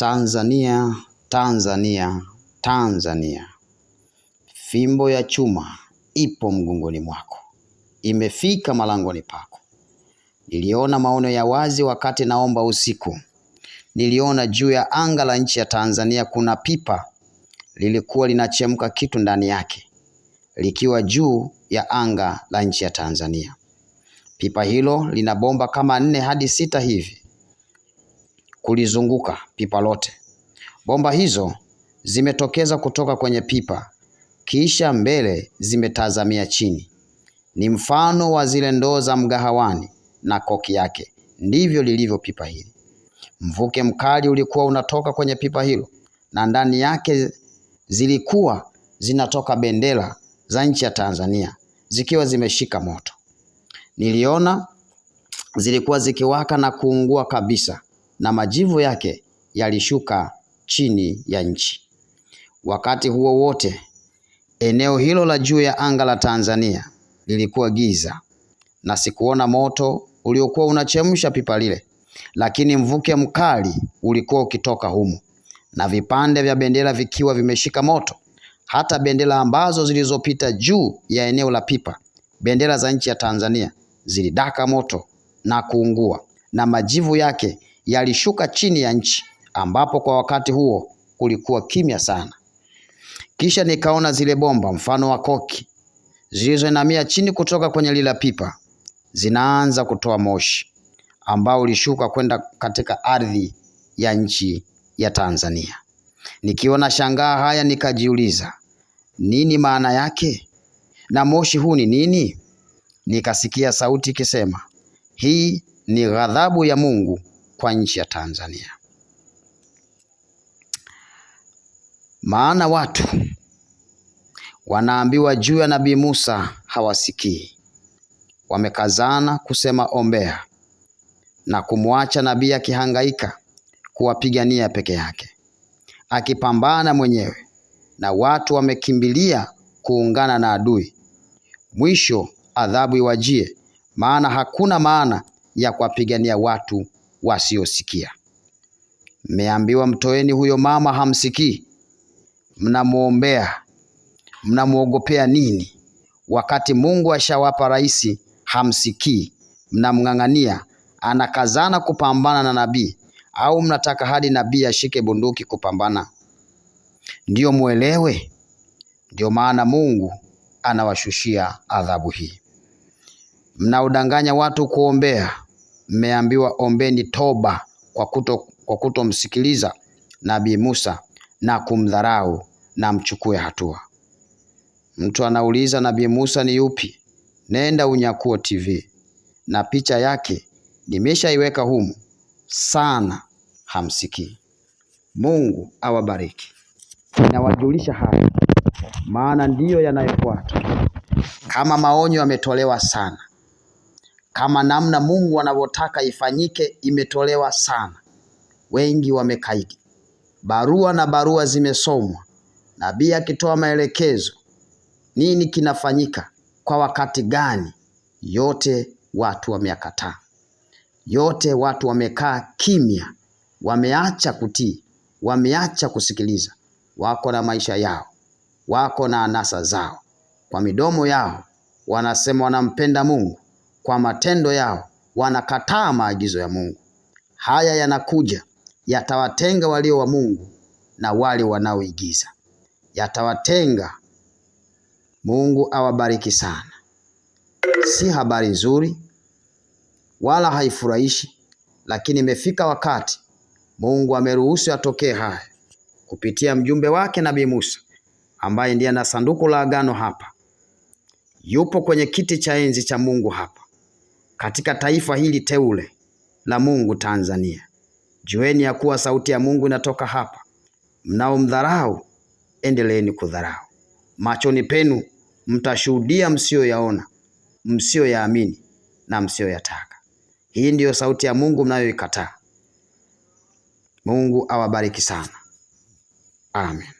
Tanzania, Tanzania, Tanzania, fimbo ya chuma ipo mgongoni mwako, imefika malangoni pako. Niliona maono ya wazi wakati naomba usiku, niliona juu ya anga la nchi ya Tanzania kuna pipa lilikuwa linachemka kitu ndani yake, likiwa juu ya anga la nchi ya Tanzania. Pipa hilo lina bomba kama nne hadi sita hivi kulizunguka pipa lote. Bomba hizo zimetokeza kutoka kwenye pipa kisha mbele zimetazamia chini. Ni mfano wa zile ndoo za mgahawani na koki yake. Ndivyo lilivyo pipa hili. Mvuke mkali ulikuwa unatoka kwenye pipa hilo na ndani yake zilikuwa zinatoka bendera za nchi ya Tanzania zikiwa zimeshika moto. Niliona zilikuwa zikiwaka na kuungua kabisa na majivu yake yalishuka chini ya nchi. Wakati huo wote, eneo hilo la juu ya anga la Tanzania lilikuwa giza na sikuona moto uliokuwa unachemsha pipa lile, lakini mvuke mkali ulikuwa ukitoka humo, na vipande vya bendera vikiwa vimeshika moto, hata bendera ambazo zilizopita juu ya eneo la pipa, bendera za nchi ya Tanzania zilidaka moto na kuungua, na majivu yake yalishuka chini ya nchi, ambapo kwa wakati huo kulikuwa kimya sana. Kisha nikaona zile bomba mfano wa koki zilizoinamia chini kutoka kwenye lila pipa zinaanza kutoa moshi ambao ulishuka kwenda katika ardhi ya nchi ya Tanzania. nikiona shangaa haya, nikajiuliza nini maana yake na moshi huu ni nini? Nikasikia sauti ikisema, hii ni ghadhabu ya Mungu kwa nchi ya Tanzania. Maana watu wanaambiwa juu ya Nabii Musa hawasikii, wamekazana kusema ombea na kumwacha nabii akihangaika kuwapigania peke yake, akipambana mwenyewe, na watu wamekimbilia kuungana na adui. Mwisho adhabu iwajie, maana hakuna maana ya kuwapigania watu wasiosikia. Mmeambiwa mtoeni huyo mama, hamsikii. Mnamwombea, mnamwogopea nini? Wakati Mungu ashawapa rais, hamsikii, mnamng'ang'ania, anakazana kupambana na nabii, au mnataka hadi nabii ashike bunduki kupambana? Ndiyo mwelewe. Ndiyo maana Mungu anawashushia adhabu hii. Mnaodanganya watu kuombea, mmeambiwa ombeni toba kwa kuto kwa kutomsikiliza Nabii Musa na kumdharau na mchukue hatua. Mtu anauliza Nabii Musa ni yupi? Nenda Unyakuo TV na picha yake nimeshaiweka humu sana, hamsikii. Mungu awabariki. Ninawajulisha haya maana ndiyo yanayofuata. Kama maonyo yametolewa sana kama namna Mungu anavyotaka ifanyike imetolewa sana. Wengi wamekaidi. Barua na barua zimesomwa, nabii akitoa maelekezo, nini kinafanyika kwa wakati gani, yote watu wameakataa yote watu wamekaa kimya, wameacha kutii, wameacha kusikiliza. Wako na maisha yao, wako na anasa zao, kwa midomo yao wanasema wanampenda Mungu kwa matendo yao wanakataa maagizo ya Mungu. Haya yanakuja yatawatenga walio wa Mungu na wale wanaoigiza yatawatenga. Mungu awabariki sana. Si habari nzuri wala haifurahishi, lakini imefika wakati Mungu ameruhusu yatokee haya kupitia mjumbe wake Nabii Musa ambaye ndiye ana sanduku la agano hapa, yupo kwenye kiti cha enzi cha Mungu hapa katika taifa hili teule la Mungu Tanzania. Jueni ya kuwa sauti ya Mungu inatoka hapa. Mnaomdharau, endeleeni kudharau. Machoni penu mtashuhudia msiyoyaona, msiyoyaamini na msiyoyataka. Hii ndiyo sauti ya Mungu mnayoikataa. Mungu awabariki sana. Amen.